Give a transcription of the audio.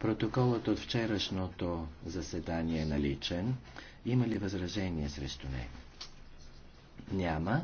Протоколът от вчерашното заседание е наличен. Има ли възражение срещу него? Няма.